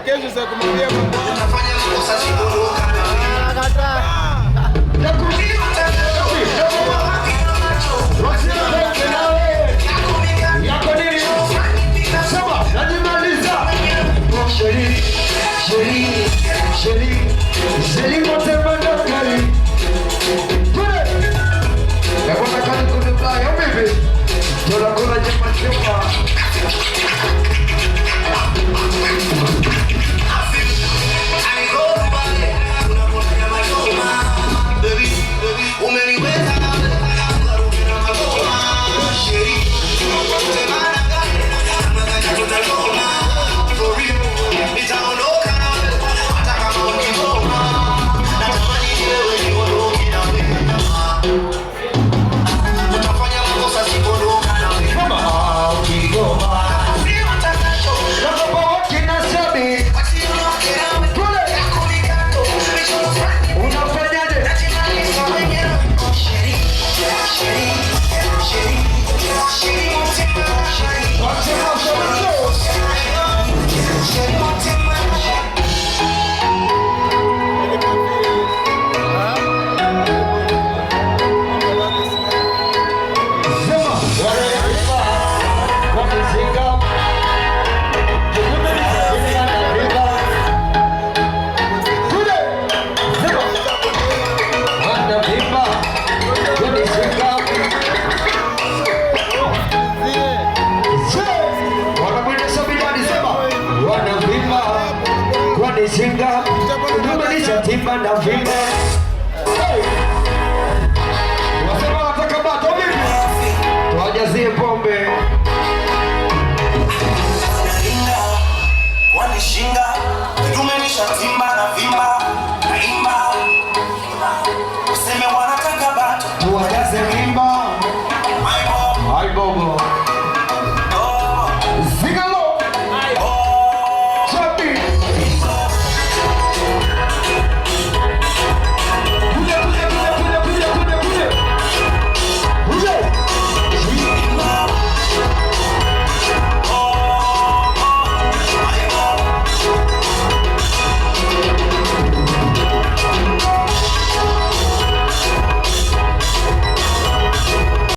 kesho za kumwambia Katiba na vile wasema, nataka bado vipi, tuwajazie pombe